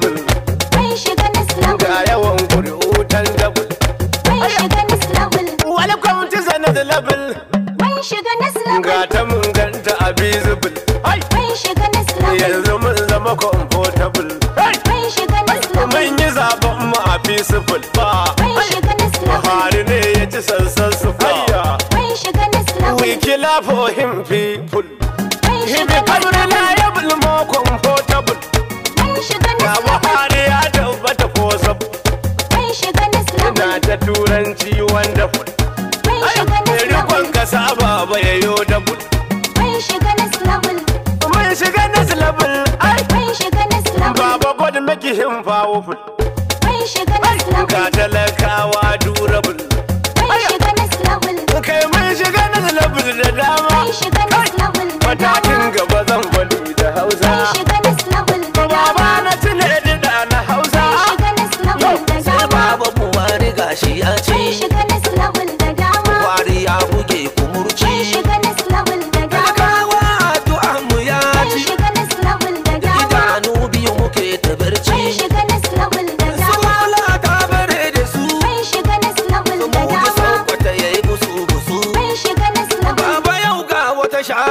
double Mai shiga next Ga yawan kuri'u dan double shiga next level Welcome to shiga Ga ta mun ganta a visible Mai shiga next Yanzu mun zama comfortable Mai shiga next Mun yi zaben mu a peaceful ba Mai shiga next Buhari ne ya ci sansan su faya shiga next We kill for him people He be ta turanci wanda ful mai rikon kasa baba yayo da bul mai shiga na slabul. mai shiga na slabul. ai mai shiga next level baba god make him fud. mai shiga na slabul. ka talakawa durabul. mai shiga na slabul. kai mai shiga na slabul da dama mai shiga na slabul.